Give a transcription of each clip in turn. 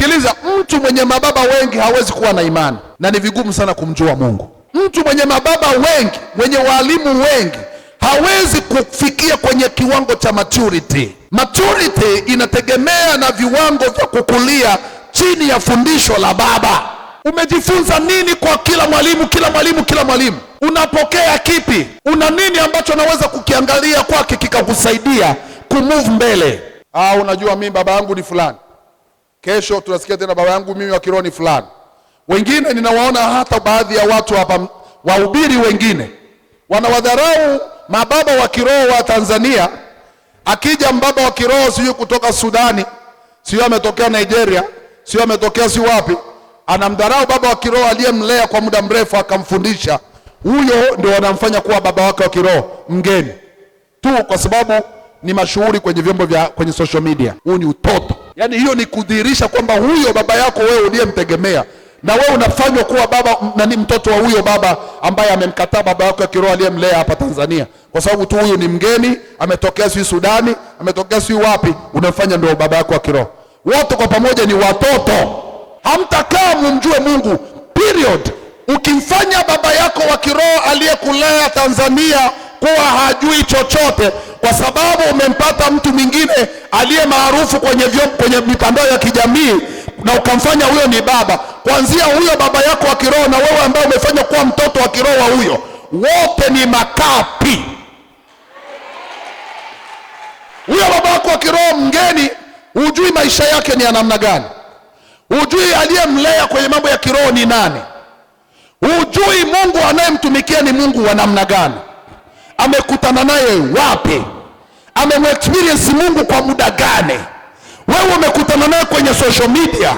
Sikiliza, mtu mwenye mababa wengi hawezi kuwa na imani na ni vigumu sana kumjua Mungu. Mtu mwenye mababa wengi, mwenye walimu wengi hawezi kufikia kwenye kiwango cha maturity. Maturity inategemea na viwango vya kukulia chini ya fundisho la baba. Umejifunza nini kwa kila mwalimu, kila mwalimu, kila mwalimu? Unapokea kipi? Una nini ambacho unaweza kukiangalia kwake kikakusaidia kumove mbele? Ah, unajua mimi baba yangu ni fulani Kesho tunasikia tena baba yangu mimi wa ni fulani. Wengine ninawaona hata baadhi ya watu hapa, wahubiri wengine wanawadharau mababa wa kiroho wa Tanzania. Akija mbaba wa kiroho sijui kutoka Sudani, sio ametokea Nigeria, sio ametokea si wapi, anamdharau baba wa kiroho aliyemlea kwa muda mrefu akamfundisha. Huyo ndio wanamfanya kuwa baba wake wa kiroho mgeni tu, kwa sababu ni mashuhuri kwenye vyombo vya kwenye social media. Huu ni utoto. Yaani hiyo ni kudhihirisha kwamba huyo baba yako wewe uliyemtegemea na wewe unafanywa kuwa baba nani, mtoto wa huyo baba ambaye amemkataa baba yako ya kiroho aliyemlea hapa Tanzania, kwa sababu tu huyu ni mgeni, ametokea si Sudani, ametokea si wapi, unafanya ndio baba yako wa kiroho. Wote kwa pamoja ni watoto, hamtakaa mumjue Mungu period. Ukimfanya baba yako wa kiroho aliyekulea Tanzania kuwa hajui chochote kwa sababu umempata mtu mwingine aliye maarufu kwenye vyombo, kwenye mitandao ya kijamii na ukamfanya huyo ni baba. Kuanzia huyo baba yako wa kiroho na wewe ambaye umefanya kuwa mtoto wa kiroho wa huyo, wote ni makapi. Huyo baba yako wa kiroho mgeni, hujui maisha yake ni ya namna gani, hujui aliyemlea kwenye mambo ya kiroho ni nani, hujui Mungu anayemtumikia ni Mungu wa namna gani amekutana naye wapi? Amemexperience Mungu kwa muda gani? Wewe umekutana naye kwenye social media,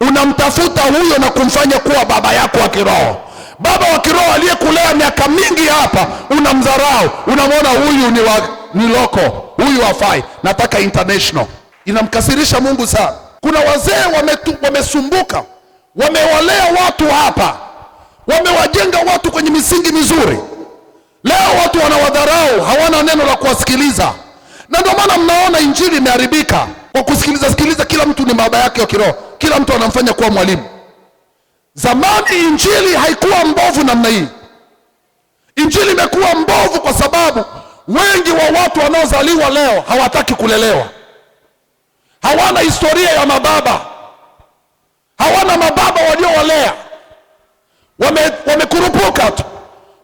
unamtafuta huyo na kumfanya kuwa baba yako wa kiroho. Baba wa kiroho aliyekulea miaka mingi hapa unamdharau, unamwona huyu ni, wa, ni loko, huyu hafai, nataka international. Inamkasirisha Mungu sana. Kuna wazee wamesumbuka, wamewalea watu hapa, wamewajenga watu kwenye misingi mizuri Leo watu wanawadharau, hawana neno la kuwasikiliza, na ndio maana mnaona injili imeharibika kwa kusikiliza sikiliza. Kila mtu ni baba yake wa kiroho, kila mtu anamfanya kuwa mwalimu. Zamani injili haikuwa mbovu namna hii. Injili imekuwa mbovu kwa sababu wengi wa watu wanaozaliwa leo hawataki kulelewa, hawana historia ya mababa, hawana mababa waliowalea, wamekurupuka tu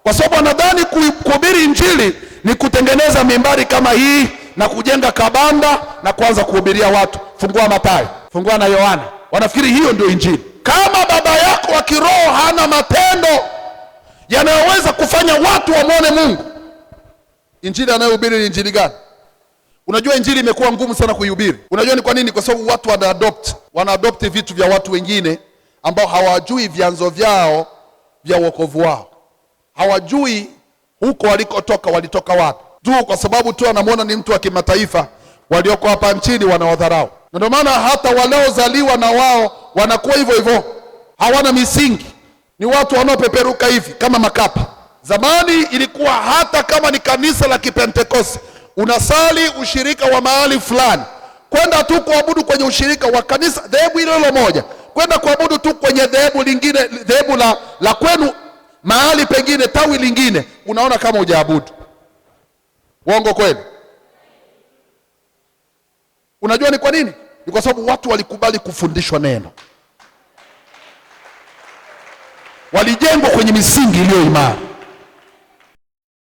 kwa sababu Yaani kuhubiri injili ni kutengeneza mimbari kama hii na kujenga kabanda na kuanza kuhubiria watu. Fungua Mathayo, fungua na Yohana. Wanafikiri hiyo ndio injili. Kama baba yako wa kiroho hana matendo yanayoweza kufanya watu wamwone Mungu, injili anayohubiri ni injili gani? Unajua injili imekuwa ngumu sana kuihubiri. Unajua ni kwa nini? Kwa sababu watu wanaadopt, wanaadopt vitu vya watu wengine ambao hawajui vyanzo vyao vya wokovu wao, hawajui huko walikotoka, walitoka wapi tu, kwa sababu tu anamwona ni mtu wa kimataifa, walioko hapa nchini wanawadharau, na ndio maana hata waliozaliwa na wao wanakuwa hivyo hivyo, hawana misingi, ni watu wanaopeperuka hivi kama makapa. Zamani ilikuwa hata kama ni kanisa la Kipentekoste, unasali ushirika wa mahali fulani, kwenda tu kuabudu kwenye ushirika wa kanisa dhehebu hilo hilo moja, kwenda kuabudu tu kwenye dhehebu lingine, dhehebu la, la kwenu mahali pengine, tawi lingine unaona kama hujaabudu. Uongo kweli? Unajua ni kwa nini? Ni kwa sababu watu walikubali kufundishwa neno, walijengwa kwenye misingi iliyo imara.